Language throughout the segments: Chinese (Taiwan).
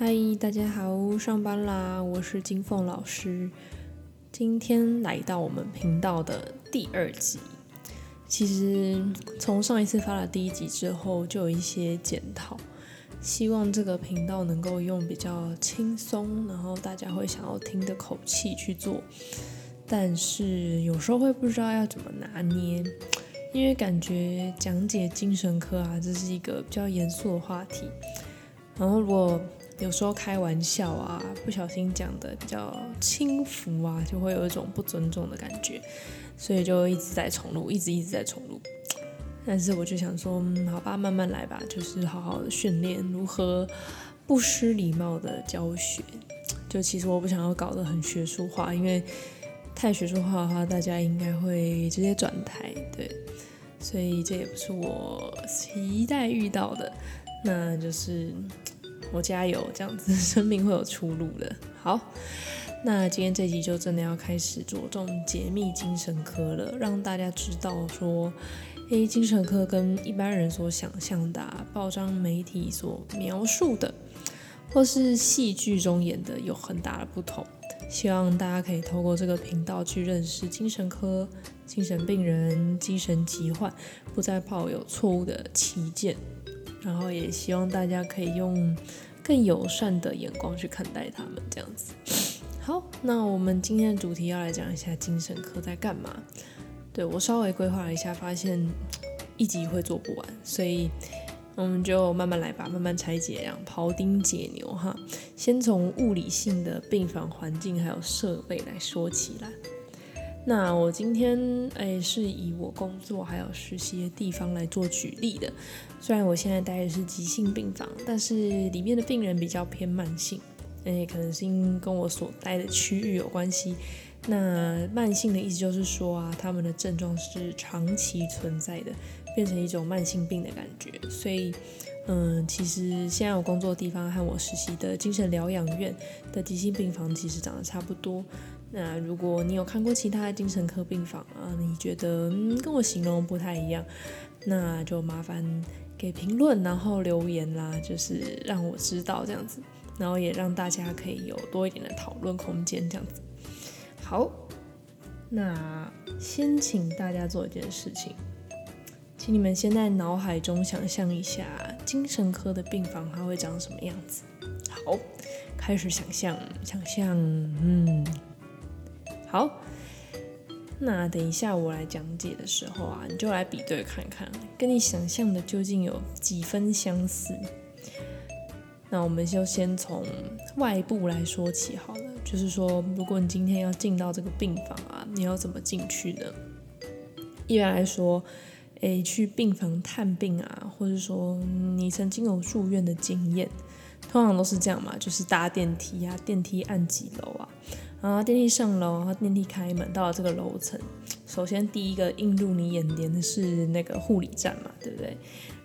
嗨，大家好，上班啦！我是金鳳老師，今天來到我們頻道的第二集。其實從上一次發了第一集之後，就有一些檢討，希望這個頻道能夠用比較輕鬆，然後大家會想要聽的口氣去做。但是有時候會不知道要怎麼拿捏，因為感覺講解精神科啊，這是一個比較嚴肅的話題。然後如果有時候開玩笑啊，不小心講的比較輕浮啊，就會有一種不尊重的感覺，所以就一直在重錄，一直一直在重錄。但是我就想說，嗯，好吧，慢慢來吧，就是好好的訓練如何不失禮貌的教學。就其實我不想要搞得很學術化，因為太學術化的話，大家應該會直接轉台，對。所以這也不是我期待遇到的，那就是。我加油，這樣子生命會有出路的。好，那今天這集就真的要開始着重解密精神科了，讓大家知道說，誒、欸，精神科跟一般人所想象的，啊、報章媒體所描述的，或是戲劇中演的有很大的不同。希望大家可以透過這個頻道去認識精神科、精神病人、精神疾患，不再抱有錯誤的偏見。然後也希望大家可以用更友善的眼光去看待他們，這樣子。好，那我們今天的主題要來講一下精神科在幹嘛。對，我稍微規劃了一下，發現一集會做不完，所以我們就慢慢來吧，慢慢拆解，這庖丁解牛哈。先從物理性的病房環境還有設備來說起來。那我今天誒、欸，是以我工作還有實習的地方來做舉例的。雖然我現在待的是急性病房，但是裡面的病人比較偏慢性，哎、欸，可能是因為跟我所待的區域有關係。那慢性的意思就是說啊，他們的症狀是長期存在的，變成一種慢性病的感覺。所以，嗯，其實現在我工作的地方和我實習的精神療養院的急性病房其實長得差不多。那如果你有看過其他的精神科病房啊，你覺得嗯跟我形容不太一樣，那就麻煩給評論，然後留言啦，就是讓我知道這樣子，然後也讓大家可以有多一點的討論空間這樣子。好，那先請大家做一件事情，請你們先在腦海中想象一下精神科的病房它會長什麼樣子？好，開始想象，想象，嗯。好，那等一下我來講解的時候啊，你就來比對看看，跟你想象的究竟有幾分相似？那我們就先從外部來說起好了，就是說，如果你今天要進到這個病房啊，你要怎麼進去呢？一般來說，誒、欸，去病房探病啊，或者說你曾經有住院的經驗，通常都是這樣嘛，就是搭電梯啊，電梯按幾樓啊。然後電梯上樓，然後電梯開門，到了這個樓層，首先第一個映入你眼簾的是那個護理站嘛，對不對？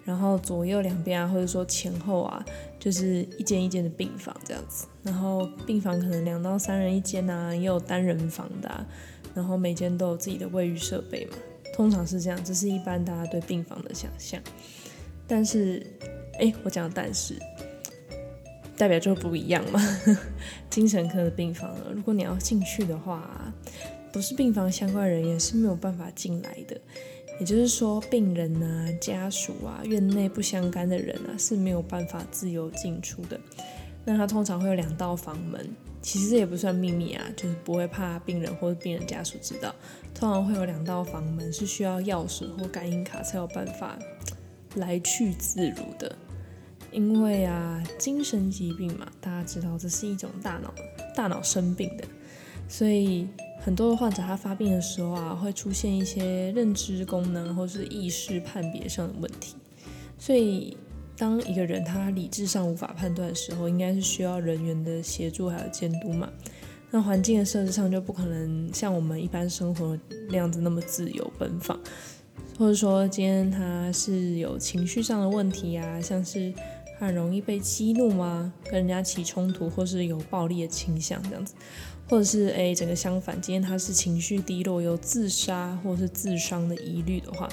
然後左右兩邊啊，或者說前後啊，就是一間一間的病房這樣子。然後病房可能兩到三人一間啊，也有單人房的啊，然後每間都有自己的衛浴設備嘛，通常是這樣，這是一般大家對病房的想象。但是，哎，我講但是。代表就不一樣嗎？ 精神科的病房了，如果你要進去的話、啊，不是病房相關人員是沒有辦法進來的。也就是說，病人啊、家屬啊、院內不相干的人啊是沒有辦法自由進出的。那他通常會有兩道房門，其實也不算秘密啊，就是不會怕病人或者病人家屬知道。通常會有兩道房門是需要鑰匙或感應卡才有辦法來去自如的。因為啊，精神疾病嘛，大家知道這是一種大腦大腦生病的，所以很多的患者他發病的時候啊，會出現一些認知功能或是意識判別上的問題，所以當一個人他理智上無法判斷的時候，應該是需要人員的協助還有監督嘛。那環境的設置上就不可能像我們一般生活那樣子那麼自由奔放，或者說今天他是有情緒上的問題啊，像是。啊、很容易被激怒嗎？跟人家起衝突，或是有暴力的傾向這樣子，或者是誒、欸，整個相反，今天他是情緒低落，有自殺或是自傷的疑慮的話，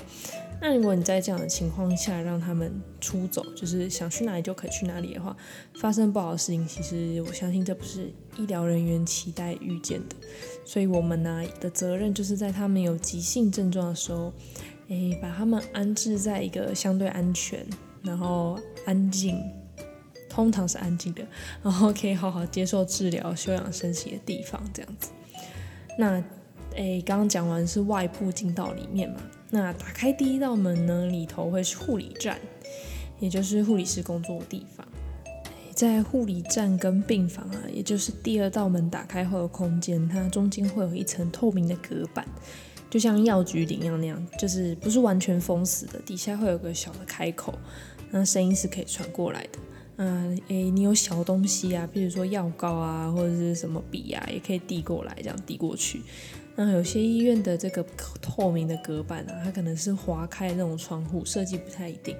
那如果你在這樣的情況下讓他們出走，就是想去哪裡就可以去哪裡的話，發生不好的事情，其實我相信這不是醫療人員期待遇見的，所以我們呢、啊、的責任就是在他們有急性症狀的時候，誒、欸，把他們安置在一個相對安全，然後。安靜，通常是安靜的，然後可以好好接受治療、休養生息的地方，這樣子。那，誒、欸、剛剛講完是外部進到裡面嘛？那打開第一道門呢，裡頭會是護理站，也就是護理師工作的地方。在護理站跟病房啊，也就是第二道門打開後的空間，它中間會有一層透明的隔板，就像藥局頂一樣那樣，就是不是完全封死的，底下會有個小的開口。那聲音是可以傳過來的。嗯、呃，誒、欸，你有小東西啊，比如說藥膏啊，或者是什麼筆啊，也可以遞過來，這樣遞過去。那有些醫院的這個透明的隔板啊，它可能是劃開的那種窗戶設計，不太一定。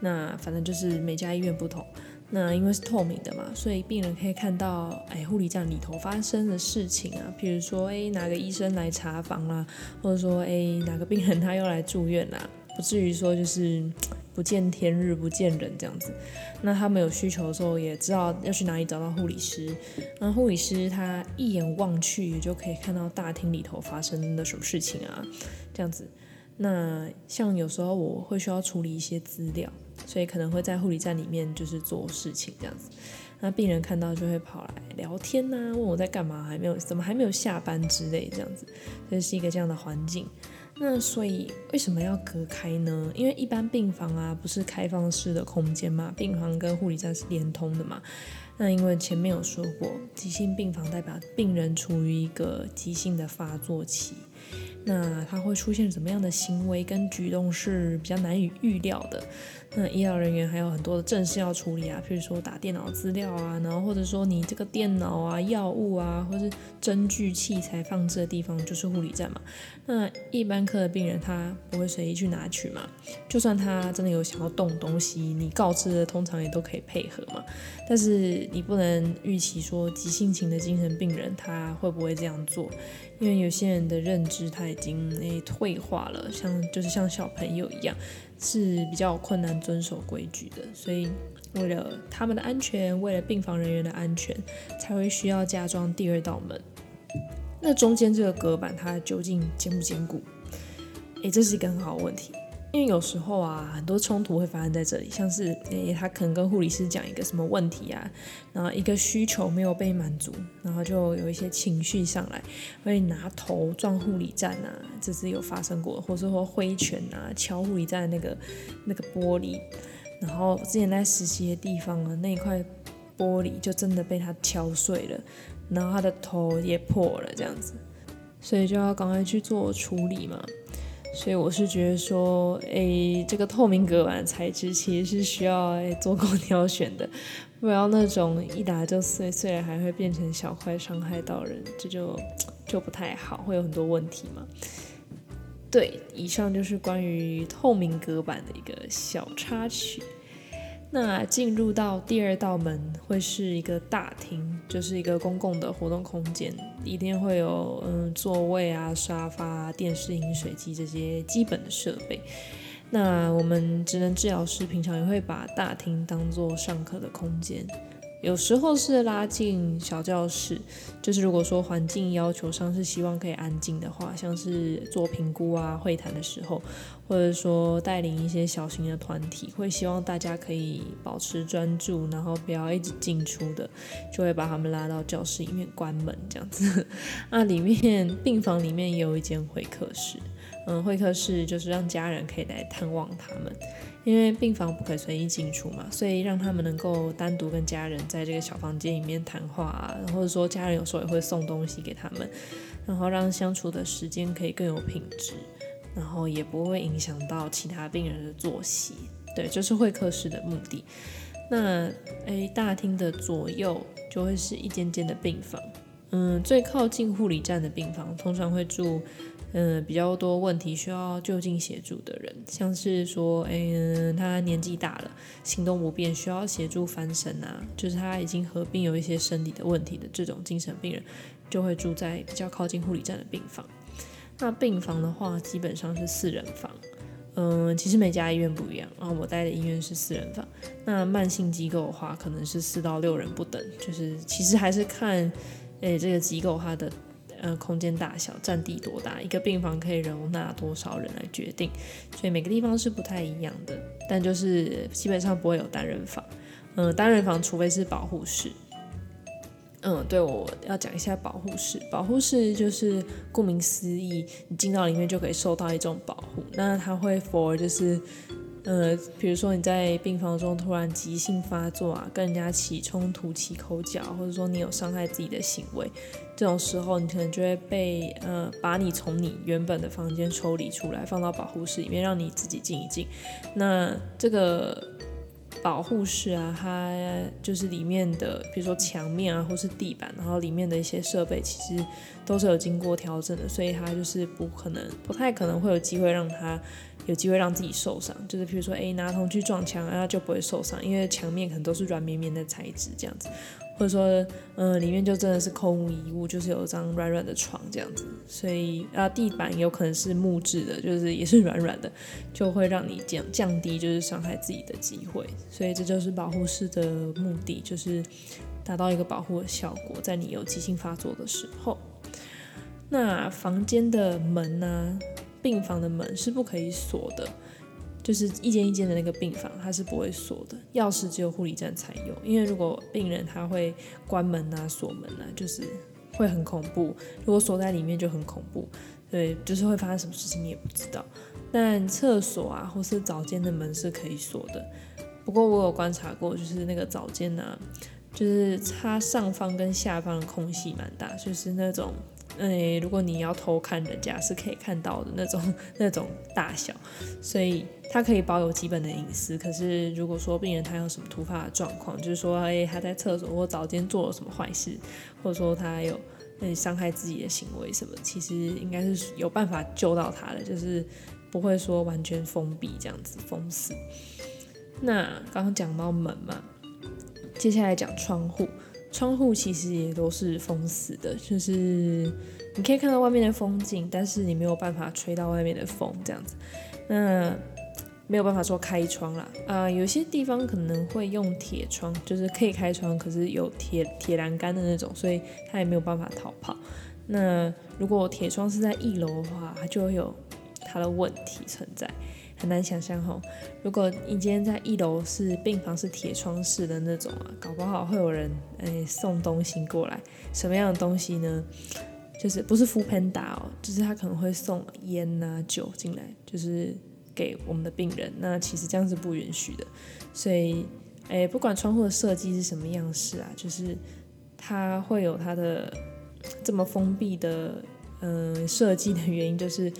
那反正就是每家醫院不同。那因為是透明的嘛，所以病人可以看到，哎、欸，護理站裡頭發生的事情啊，比如說，哎、欸，哪個醫生來查房啦、啊，或者說，哎、欸，哪個病人他又來住院啦、啊，不至於說就是。不見天日，不見人這樣子，那他們有需求的時候，也知道要去哪裡找到護理師。那護理師他一眼望去，也就可以看到大廳裡頭發生的什麼事情啊，這樣子。那像有時候我會需要處理一些資料，所以可能會在護理站裡面就是做事情這樣子。那病人看到就會跑來聊天吶、啊，問我在幹嘛，還沒有怎麼還沒有下班之類，這樣子，這、就是一個這樣的環境。那所以為什麼要隔開呢？因為一般病房啊不是開放式的空間嘛，病房跟護理站是連通的嘛。那因為前面有說過，急性病房代表病人處於一個急性的發作期，那他會出現什麼樣的行為跟舉動是比較難以預料的。那醫療人員還有很多的正事要處理啊，譬如說打電腦資料啊，然後或者說你這個電腦啊、藥物啊，或是針具器材放置的地方就是護理站嘛。那一般科的病人他不會隨意去拿取嘛，就算他真的有想要動東西，你告知的通常也都可以配合嘛。但是你不能預期說急性情的精神病人他會不會這樣做，因為有些人的認知他已經誒退化了，像就是像小朋友一樣。是比較困難遵守規矩的，所以為了他們的安全，為了病房人員的安全，才會需要加裝第二道門。那中間這個隔板它究竟堅不堅固？誒、欸，這是一個很好的問題。因為有時候啊，很多衝突會發生在這裡，像是誒，他可能跟護理師講一個什麼問題啊，然後一個需求沒有被滿足，然後就有一些情緒上來，會拿頭撞護理站啊，這是有發生過，或是說揮拳啊，敲護理站那個那個玻璃，然後之前在實習的地方啊，那一塊玻璃就真的被他敲碎了，然後他的頭也破了這樣子，所以就要趕快去做處理嘛。所以我是覺得說，誒，這個透明隔板材質其實是需要誒做工挑選的，不要那種一打就碎，碎了還會變成小塊傷害到人，這就就不太好，會有很多問題嘛。對，以上就是關於透明隔板的一個小插曲。那進入到第二道門會是一個大廳，就是一個公共的活動空間，一定會有嗯座位啊、沙發、啊、電視、飲水機這些基本的設備。那我們職能治療師平常也會把大廳當做上課的空間。有時候是拉進小教室，就是如果說環境要求上是希望可以安靜的話，像是做評估啊、會談的時候，或者說帶領一些小型的團體，會希望大家可以保持專注，然後不要一直進出的，就會把他們拉到教室裡面關門這樣子。那裡面病房裡面也有一間會客室，嗯，會客室就是讓家人可以來探望他們。因為病房不可以隨意進出嘛，所以讓他們能夠單獨跟家人在這個小房間裡面談話啊，或者說家人有時候也會送東西給他們，然後讓相處的時間可以更有品質，然後也不會影響到其他病人的作息。對，就是會客室的目的。那欸大廳的左右就會是一間間的病房，嗯，最靠近護理站的病房通常會住。嗯，比較多問題需要就近協助的人，像是說，嗯、欸呃，他年紀大了，行動不便，需要協助翻身啊，就是他已經合併有一些生理的問題的這種精神病人，就會住在比較靠近護理站的病房。那病房的話，基本上是四人房，嗯，其實每家醫院不一樣啊，然後我待的醫院是四人房。那慢性機構的話，可能是四到六人不等，就是其實還是看，哎、欸，這個機構它的。呃、嗯，空間大小、占地多大、一個病房可以容納多少人來決定，所以每個地方是不太一樣的。但就是基本上不會有單人房，嗯，單人房除非是保護室。嗯，對，我要講一下保護室。保護室就是顧名思義，你進到裡面就可以受到一種保護。那它會否就是？呃，比如說你在病房中突然急性發作啊，跟人家起衝突、起口角，或者說你有傷害自己的行為，這種時候你可能就會被呃把你從你原本的房間抽離出來，放到保護室裡面，讓你自己靜一靜。那這個保護室啊，它就是裡面的，比如說牆面啊，或是地板，然後裡面的一些設備其實都是有經過調整的，所以它就是不可能，不太可能會有機會讓它。有機會讓自己受傷，就是譬如說，誒、欸、拿頭去撞牆，那、啊、就不會受傷，因為牆面可能都是軟綿綿的材質這樣子，或者說，嗯、呃，裡面就真的是空無一物，就是有張軟軟的床這樣子，所以啊，地板有可能是木質的，就是也是軟軟的，就會讓你降降低就是傷害自己的機會，所以這就是保護室的目的，就是達到一個保護的效果，在你有急性發作的時候，那房間的門呢、啊？病房的門是不可以鎖的，就是一間一間的那個病房，它是不會鎖的，鑰匙只有護理站才有。因為如果病人他會關門啊、鎖門啊，就是會很恐怖。如果鎖在裡面就很恐怖，對，就是會發生什麼事情你也不知道。但廁所啊，或是澡間的門是可以鎖的。不過我有觀察過，就是那個澡間呢，就是它上方跟下方的空隙蠻大，就是那種。欸、如果你要偷看人家，是可以看到的那種那種大小，所以它可以保有基本的隱私。可是如果說病人他有什麼突發的狀況，就是說、欸、他在廁所或澡間做了什麼壞事，或者說他有呃傷害自己的行為什麼，其實應該是有辦法救到他的，就是不會說完全封閉這樣子封死。那剛剛講到門嘛，接下來講窗戶。窗戶其實也都是封死的，就是你可以看到外面的風景，但是你沒有辦法吹到外面的風這樣子。那沒有辦法說開窗啦，啊、呃，有些地方可能會用鐵窗，就是可以開窗，可是有鐵鐵欄杆的那種，所以它也沒有辦法逃跑。那如果鐵窗是在一樓的話，它就有它的問題存在。很難想象吼，如果你今天在一樓是病房是鐵窗式的那種啊，搞不好會有人誒、哎、送東西過來。什麼樣的東西呢？就是不是 Food Panda 哦，就是他可能會送菸吶、啊、酒進來，就是給我們的病人。那其實這樣是不允許的。所以誒、哎、不管窗戶的設計是什麼樣式啊，就是它會有它的這麼封閉的嗯、呃、設計的原因，就是。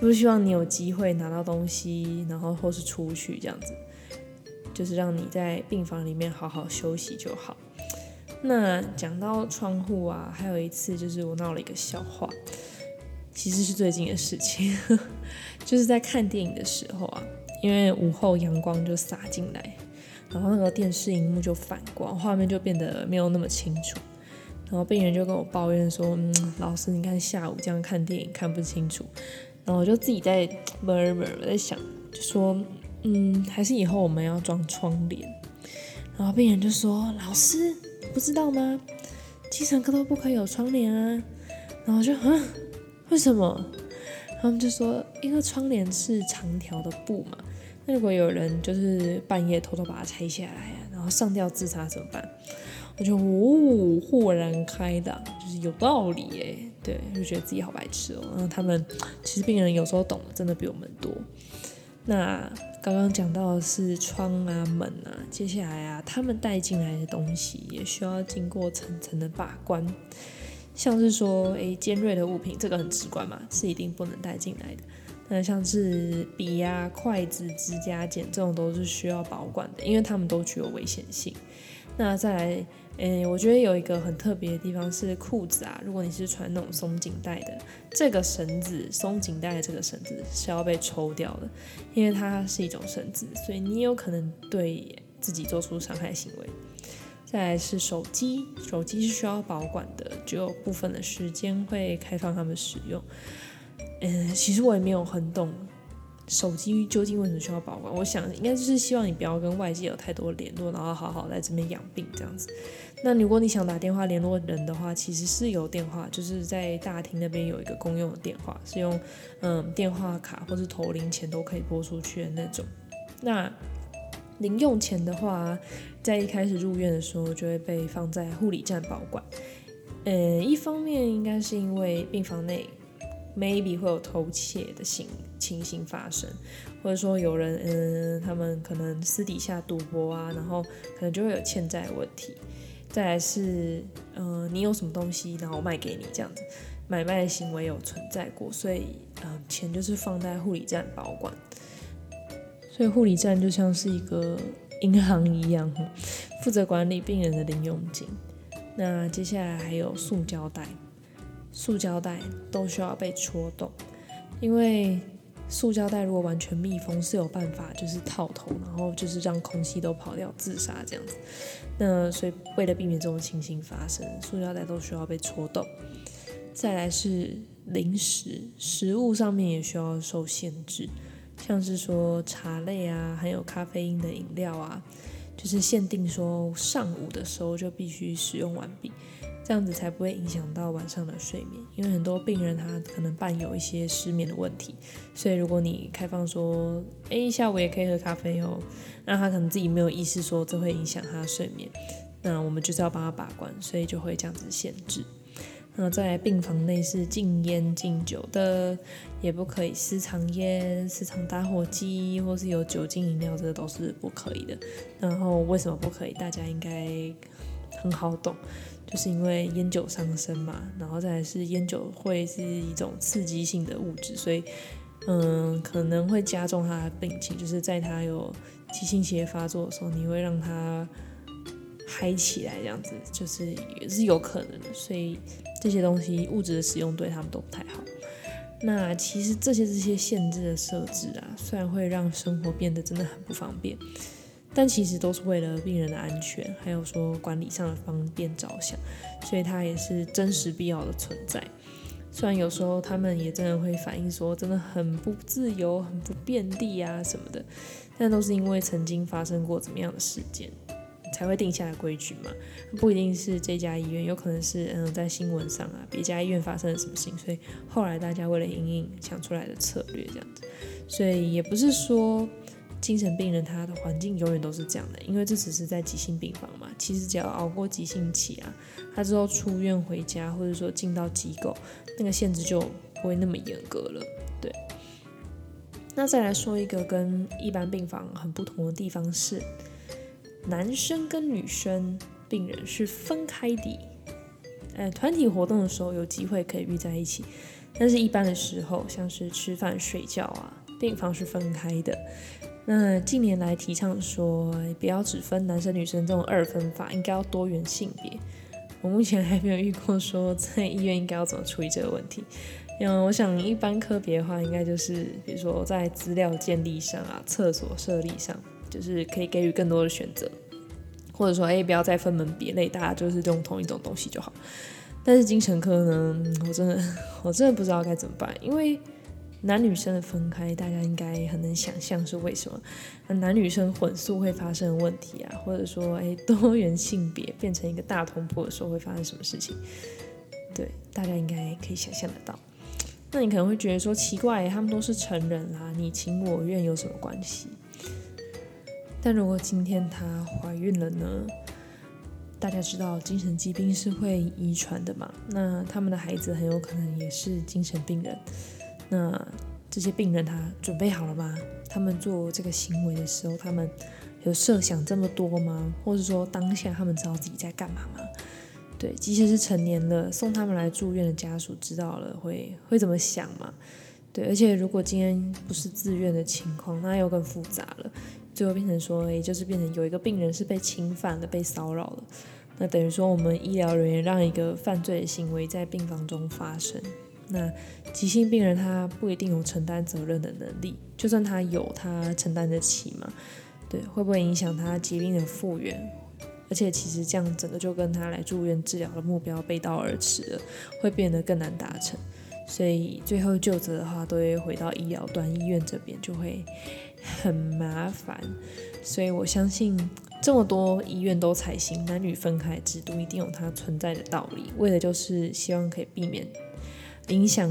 就是希望你有機會拿到東西，然後或是出去這樣子，就是讓你在病房裡面好好休息就好。那講到窗戶啊，還有一次就是我鬧了一個笑話，其實是最近的事情， 就是在看電影的時候啊，因為午後陽光就灑進來，然後那個電視熒幕就反光，畫面就變得沒有那麼清楚。然後病人就跟我抱怨說：“嗯，老師，你看下午這樣看電影看不清楚。”然後我就自己在 murmur，在想，就說，嗯，還是以後我們要裝窗簾。然後病人就說：“老師，不知道嗎？精神科都不可以有窗簾啊。”然後我就，啊，為什麼？他們就說，因為窗簾是長條的布嘛，那如果有人就是半夜偷偷把它拆下來啊，然後上吊自殺怎麼辦？我就，哦，豁然開朗，就是有道理耶。對，就覺得自己好白痴哦、喔。然後他們其實病人有時候懂的真的比我們多。那剛剛講到的是窗啊、門啊，接下來啊，他們帶進來的東西也需要經過層層的把關。像是說，誒、欸，尖銳的物品，這個很直觀嘛，是一定不能帶進來的。那像是筆啊、筷子、指甲剪這種都是需要保管的，因為他們都具有危險性。那再來。嗯、欸，我覺得有一個很特別的地方是褲子啊，如果你是穿那種鬆緊帶的，這個繩子，鬆緊帶的這個繩子是要被抽掉的，因為它是一種繩子，所以你有可能對自己做出傷害行為。再來是手機，手機是需要保管的，只有部分的時間會開放他們使用。嗯、欸，其實我也沒有很懂。手機究竟為什麼需要保管？我想應該就是希望你不要跟外界有太多聯絡，然後好好在這邊養病這樣子。那如果你想打電話聯絡人的話，其實是有電話，就是在大廳那邊有一個公用的電話，是用嗯電話卡或是投零錢都可以撥出去的那種。那零用錢的話，在一開始入院的時候就會被放在護理站保管。嗯，一方面應該是因為病房內 maybe 會有偷竊的心理。情形發生，或者說有人嗯、呃，他們可能私底下賭博啊，然後可能就會有欠債問題。再來是嗯、呃，你有什麼東西，然後賣給你這樣子，買賣的行為有存在過，所以嗯、呃，錢就是放在護理站保管，所以護理站就像是一個銀行一樣，負責管理病人的零用金。那接下來還有塑膠袋，塑膠袋都需要被戳洞，因為。塑膠袋如果完全密封是有辦法，就是套頭，然後就是讓空氣都跑掉自殺這樣子。那所以為了避免這種情形發生，塑膠袋都需要被戳洞。再來是零食食物上面也需要受限制，像是說茶類啊，還有咖啡因的飲料啊，就是限定說上午的時候就必須使用完畢。這樣子才不會影響到晚上的睡眠，因為很多病人他可能伴有一些失眠的問題，所以如果你開放說，哎、欸，下午也可以喝咖啡哦，那他可能自己沒有意識說這會影響他的睡眠，那我們就是要幫他把關，所以就會這樣子限制。那在病房內是禁菸禁酒的，也不可以私藏菸、私藏打火機，或是有酒精飲料，這個、都是不可以的。然後為什麼不可以？大家應該很好懂。就是因為菸酒傷身嘛，然後再是菸酒會是一種刺激性的物質，所以嗯，可能會加重他的病情。就是在他有急性期發作的時候，你會讓他嗨起來這樣子，就是也是有可能的。所以這些東西物質的使用對他們都不太好。那其實這些這些限制的設置啊，雖然會讓生活變得真的很不方便。但其實都是為了病人的安全，還有說管理上的方便着想，所以它也是真實必要的存在。雖然有時候他們也真的會反映說，真的很不自由、很不便利啊什麼的，但都是因為曾經發生過怎麼樣的事件，才會定下的規矩嘛。不一定是這家醫院，有可能是嗯、呃，在新聞上啊，別家醫院發生了什麼事情。所以後來大家為了因應想出來的策略這樣子。所以也不是說。精神病人他的環境永遠都是這樣的，因為這只是在急性病房嘛。其實只要熬過急性期啊，他之後出院回家，或者說進到機構，那個限制就不會那麼嚴格了。對，那再來說一個跟一般病房很不同的地方是，男生跟女生病人是分開的。呃、哎，團體活動的時候有機會可以聚在一起，但是一般的時候，像是吃飯、睡覺啊。病房是分開的。那近年來提倡說，不要只分男生女生這種二分法，應該要多元性別。我目前還沒有遇過說在醫院應該要怎麼處理這個問題。嗯，我想一般科別的話，應該就是比如說在資料建立上啊、廁所設立上，就是可以給予更多的選擇，或者說誒、欸，不要再分門別類，大家就是用同一種東西就好。但是精神科呢，我真的我真的不知道該怎麼辦，因為。男女生的分開，大家應該很能想象是為什麼？那男女生混宿會發生問題啊，或者說，哎、欸，多元性別變成一個大同步的時候會發生什麼事情？對，大家應該可以想象得到。那你可能會覺得說奇怪、欸，他們都是成人啦，你情我願有什麼關係？但如果今天她懷孕了呢？大家知道精神疾病是會遺傳的嘛？那他們的孩子很有可能也是精神病人。那這些病人他準備好了嗎？他們做這個行為的時候，他們有設想這麼多嗎？或者說當下他們知道自己在幹嘛嗎？對，即使是成年了，送他們來住院的家屬知道了會會怎麼想嗎？對，而且如果今天不是自願的情況，那又更複雜了。最後變成說，哎，就是變成有一個病人是被侵犯的，被騷擾了。那等於說我們醫療人員讓一個犯罪的行為在病房中發生。那急性病人他不一定有承擔責任的能力，就算他有，他承擔得起嗎？對，會不會影響他疾病的復原？而且其實這樣整個就跟他來住院治療的目標背道而馳了，會變得更難達成。所以最後就責的話，都會回到醫療端醫院這邊，就會很麻煩。所以我相信這麼多醫院都採行男女分開制度，一定有它存在的道理，為的就是希望可以避免影響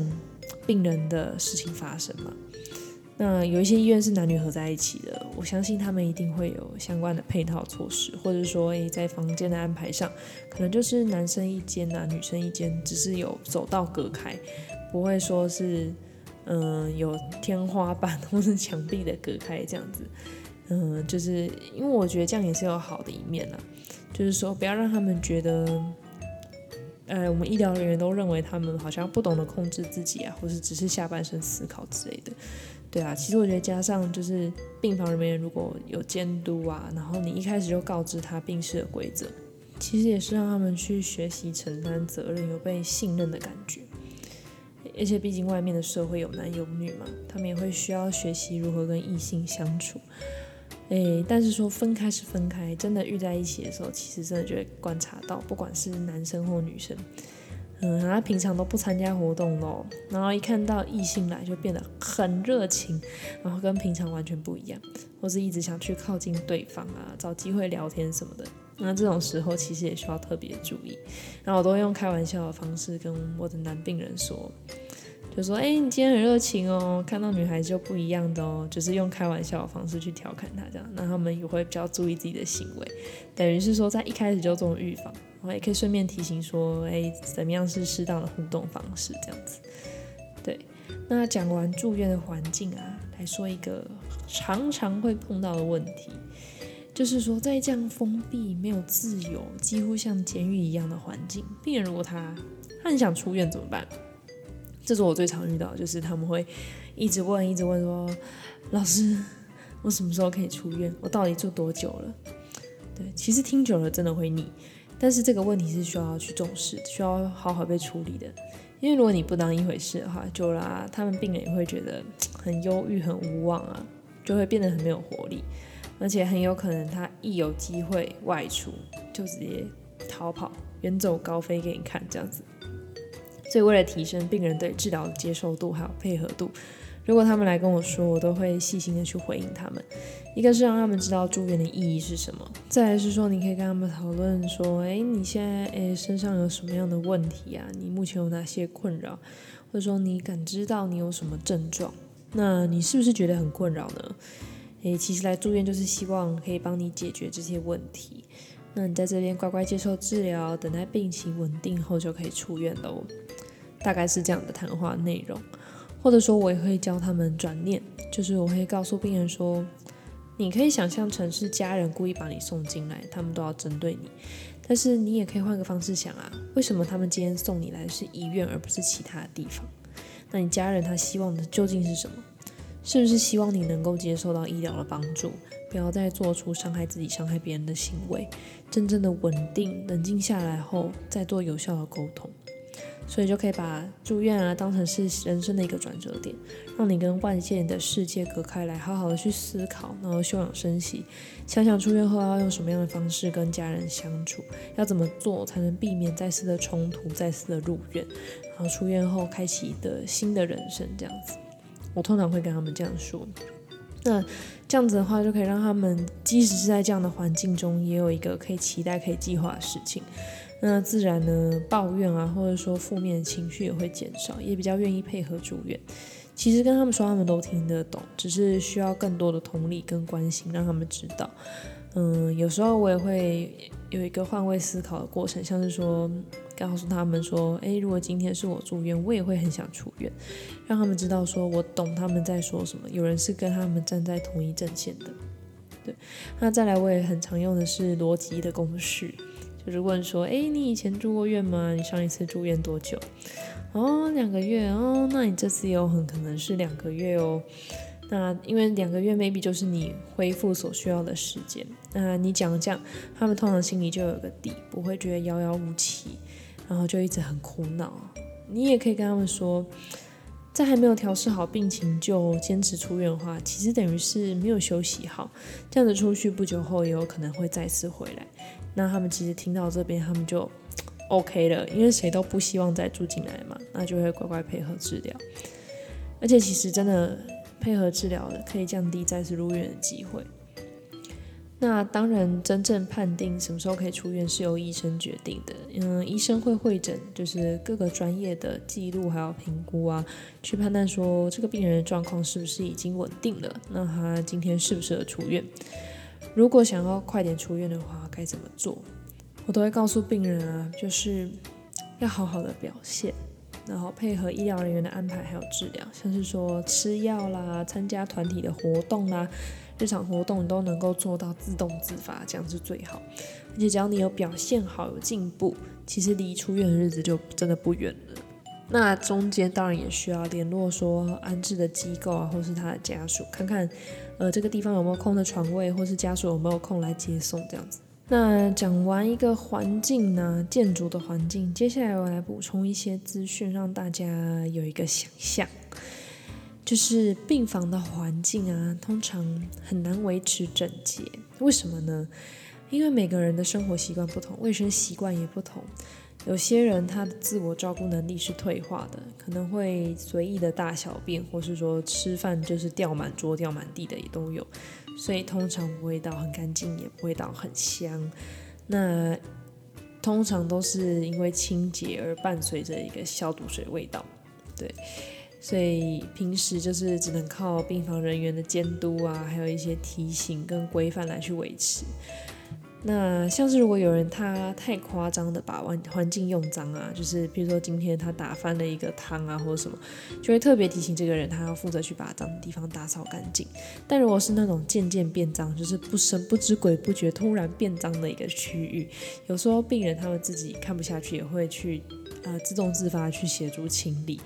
病人的事情發生嘛。那有一些醫院是男女合在一起的，我相信他們一定會有相關的配套措施，或者說，哎、欸，在房間的安排上，可能就是男生一間吶、啊，女生一間，只是有走道隔開，不會說是，嗯、呃，有天花板或是牆壁的隔開這樣子。嗯、呃，就是因為我覺得這樣也是有好的一面了、啊，就是說不要讓他們覺得，呃，我們醫療人員都認為他們好像不懂得控制自己啊，或是只是下半身思考之類的。對啊，其實我覺得加上就是病房人員如果有監督啊，然後你一開始就告知他病室的規則，其實也是讓他們去學習承擔責任，有被信任的感覺。而且畢竟外面的社會有男有女嘛，他們也會需要學習如何跟異性相處。誒，但是說分開是分開，真的遇在一起的時候，其實真的就會觀察到，不管是男生或女生，嗯、呃，他平常都不參加活動咯。然後一看到異性來就變得很熱情，然後跟平常完全不一樣，或是一直想去靠近對方啊，找機會聊天什麼的。那這種時候其實也需要特別注意，然後我都會用開玩笑的方式跟我的男病人說。就說，哎、欸，你今天很熱情哦，看到女孩子就不一樣的哦，就是用開玩笑的方式去調侃她。這樣，那他們也會比較注意自己的行為，等於是說在一開始就做預防，然後也可以順便提醒說，哎、欸，怎麼樣是適當的互動方式，這樣子，對，那講完住院的環境啊，來說一個常常會碰到的問題，就是說在這樣封閉、沒有自由、幾乎像監獄一樣的環境，病人如果他,他很想出院怎麼辦？這是我最常遇到，就是他們會一直問，一直問說：“老師，我什麼時候可以出院？我到底住多久了？”對，其實聽久了真的會膩，但是這個問題是需要去重視，需要好好被處理的。因為如果你不當一回事的話，就啦，他們病人也會覺得很憂鬱、很無望啊，就會變得很沒有活力，而且很有可能他一有機會外出，就直接逃跑、遠走高飛給你看這樣子。所以為了提升病人對治療的接受度還有配合度，如果他們來跟我說，我都會細心的去回應他們。一個是讓他們知道住院的意義是什麼，再來是說你可以跟他們討論說，誒，你現在誒身上有什麼樣的問題啊？你目前有哪些困擾，或者說你感知到你有什麼症狀？那你是不是覺得很困擾呢？誒，其實來住院就是希望可以幫你解決這些問題。那你在這邊乖乖接受治療，等待病情穩定後就可以出院嘍。大概是這樣的談話內容，或者說，我也會教他們轉念，就是我會告訴病人說，你可以想象成是家人故意把你送進來，他們都要針對你。但是你也可以換個方式想啊，為什麼他們今天送你來的是醫院而不是其他地方？那你家人他希望的究竟是什麼？是不是希望你能夠接受到醫療的幫助？不要再做出傷害自己、傷害別人的行為，真正的穩定、冷靜下來後再做有效的溝通，所以就可以把住院啊當成是人生的一個轉折點，讓你跟外界的世界隔開來，好好的去思考，然後休養生息，想想出院後要用什麼樣的方式跟家人相處，要怎麼做才能避免再次的衝突、再次的入院，然後出院後開啟的新的人生這樣子。我通常會跟他們這樣說，那。這樣子的話，就可以讓他們即使是在這樣的環境中，也有一個可以期待、可以計劃的事情。那自然呢，抱怨啊，或者說負面情緒也會減少，也比較願意配合住院。其實跟他們說，他們都聽得懂，只是需要更多的同理跟關心，讓他們知道。嗯，有時候我也會有一個換位思考的過程，像是說……告訴他們說：“誒，如果今天是我住院，我也會很想出院。”讓他們知道說：“我懂他們在說什麼。”有人是跟他們站在同一陣線的。對，那再來，我也很常用的是邏輯的公式，就是問說：“誒，你以前住過院嗎？你上一次住院多久？”哦，兩個月哦，那你這次也有很可能是兩個月哦。那因為兩個月 maybe 就是你恢復所需要的時間。那你講講，他們通常心裡就有個底，不會覺得遙遙無期。然後就一直很苦惱。你也可以跟他們說，在還沒有調試好病情就堅持出院的話，其實等於是沒有休息好。這樣子出去不久後，也有可能會再次回來。那他們其實聽到這邊，他們就 OK 了，因為誰都不希望再住進來嘛。那就會乖乖配合治療。而且其實真的配合治療的，可以降低再次入院的機會。那當然，真正判定什麼時候可以出院是由醫生決定的。嗯，醫生會會診，就是各個專業的記錄還有評估啊，去判斷說這個病人的狀況是不是已經穩定了。那他今天適不適合出院？如果想要快點出院的話，該怎麼做？我都會告訴病人啊，就是要好好的表現，然後配合醫療人員的安排還有治療，像是說吃藥啦、參加團體的活動啦。日常活動你都能夠做到自動自發，這樣是最好。而且只要你有表現好，有進步，其實離出院的日子就真的不遠了。那中間當然也需要聯絡說安置的機構啊，或是他的家屬，看看呃，這個地方有沒有空的床位，或是家屬有沒有空來接送這樣子。那講完一個環境呢，建築的環境，接下來我來補充一些資訊，讓大家有一個想象就是病房的環境啊，通常很難維持整潔。為什麼呢？因為每個人的生活習慣不同，衛生習慣也不同。有些人他的自我照顧能力是退化的，可能會隨意的大小便，或是說吃飯就是掉滿桌，掉滿地的也都有。所以通常不會到很乾淨，也不會到很香。那通常都是因為清潔而伴隨着一個消毒水味道，對。所以平時就是只能靠病房人員的監督啊，還有一些提醒跟規範來去維持。那像是如果有人他太誇張的把環環境用髒啊，就是譬如說今天他打翻了一個湯啊或者什麼，就會特別提醒這個人他要負責去把髒的地方打掃乾淨。但如果是那種漸漸變髒，就是不生、不知鬼不覺突然變髒的一個區域，有時候病人他們自己看不下去也會去啊、呃、自動自發去協助清理。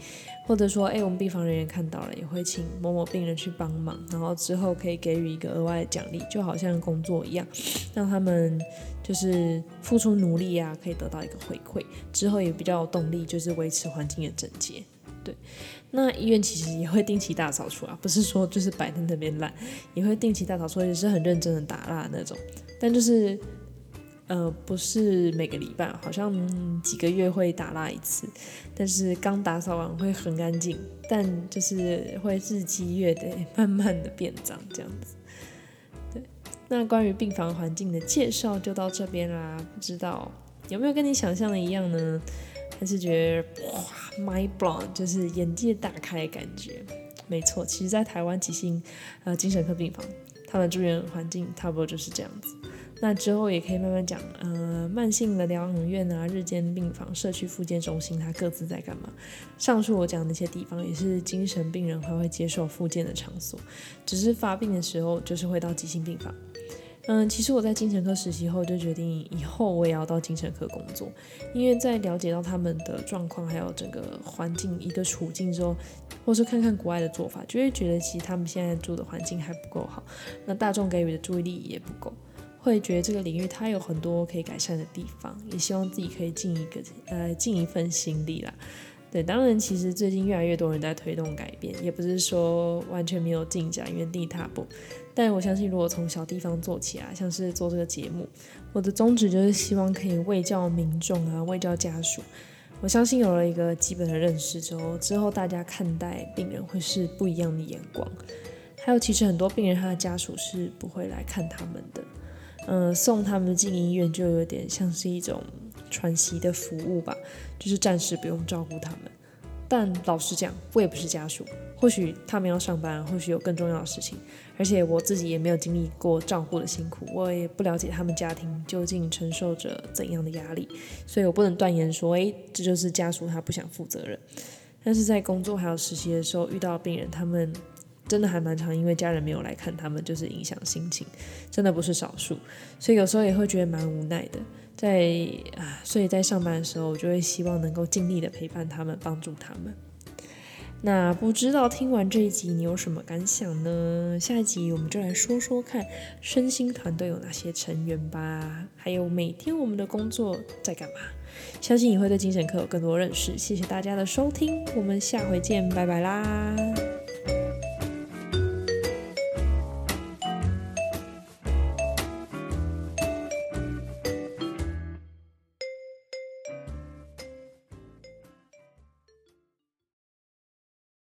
或者說，誒、欸，我們病房人員看到了，也會請某某病人去幫忙，然後之後可以給予一個額外的獎勵，就好像工作一樣，讓他們就是付出努力呀、啊，可以得到一個回饋，之後也比較有動力，就是維持環境的整潔。對，那醫院其實也會定期大掃除啊，不是說就是白天特別懶，也會定期大掃除，也是很認真的打蠟的那種，但就是。呃，不是每個禮拜，好像幾個月會打蠟一次，但是剛打掃完會很乾淨，但就是會日積月累，慢慢的變髒這樣子。對，那關於病房環境的介紹就到這邊啦，不知道有沒有跟你想象的一樣呢？還是覺得哇，mind blown，就是眼界大開的感覺？沒錯，其實在台灣急性呃精神科病房，他們住院環境差不多就是這樣子。那之後也可以慢慢講，呃，慢性的療養院啊、日間病房、社區復健中心，它各自在幹嘛？上述我講那些地方也是精神病人還會接受復健的場所，只是發病的時候就是會到急性病房。嗯、呃，其實我在精神科實習後就決定以後我也要到精神科工作，因為在了解到他們的狀況還有整個環境一個處境之後，或是看看國外的做法，就會覺得其實他們現在住的環境還不夠好，那大眾給予的注意力也不夠。會覺得這個領域它有很多可以改善的地方，也希望自己可以盡一個呃盡一份心力啦。對，當然其實最近越來越多人在推動改變，也不是說完全沒有進展，原地踏步。但我相信，如果從小地方做起啊，像是做這個節目，我的宗旨就是希望可以衛教民眾啊、衛教家屬。我相信有了一個基本的認識之後，之後大家看待病人會是不一樣的眼光。還有，其實很多病人他的家屬是不會來看他們的。嗯、呃，送他們進醫院就有點像是一種喘息的服務吧，就是暫時不用照顧他們。但老實講，我也不是家屬，或許他們要上班，或許有更重要的事情，而且我自己也沒有經歷過照顧的辛苦，我也不了解他們家庭究竟承受着怎樣的壓力，所以我不能斷言說，誒，這就是家屬他不想負責任。但是在工作還有實習的時候遇到病人，他們。真的還蠻常，因為家人沒有來看他們，就是影響心情，真的不是少數。所以有時候也會覺得蠻無奈的。在啊，所以在上班的時候，我就會希望能夠盡力的陪伴他們，幫助他們。那不知道聽完這一集你有什麼感想呢？下一集我們就來說說看，身心團隊有哪些成員吧，還有每天我們的工作在幹嘛？相信你會對精神科有更多認識。謝謝大家的收聽，我們下回見，拜拜啦。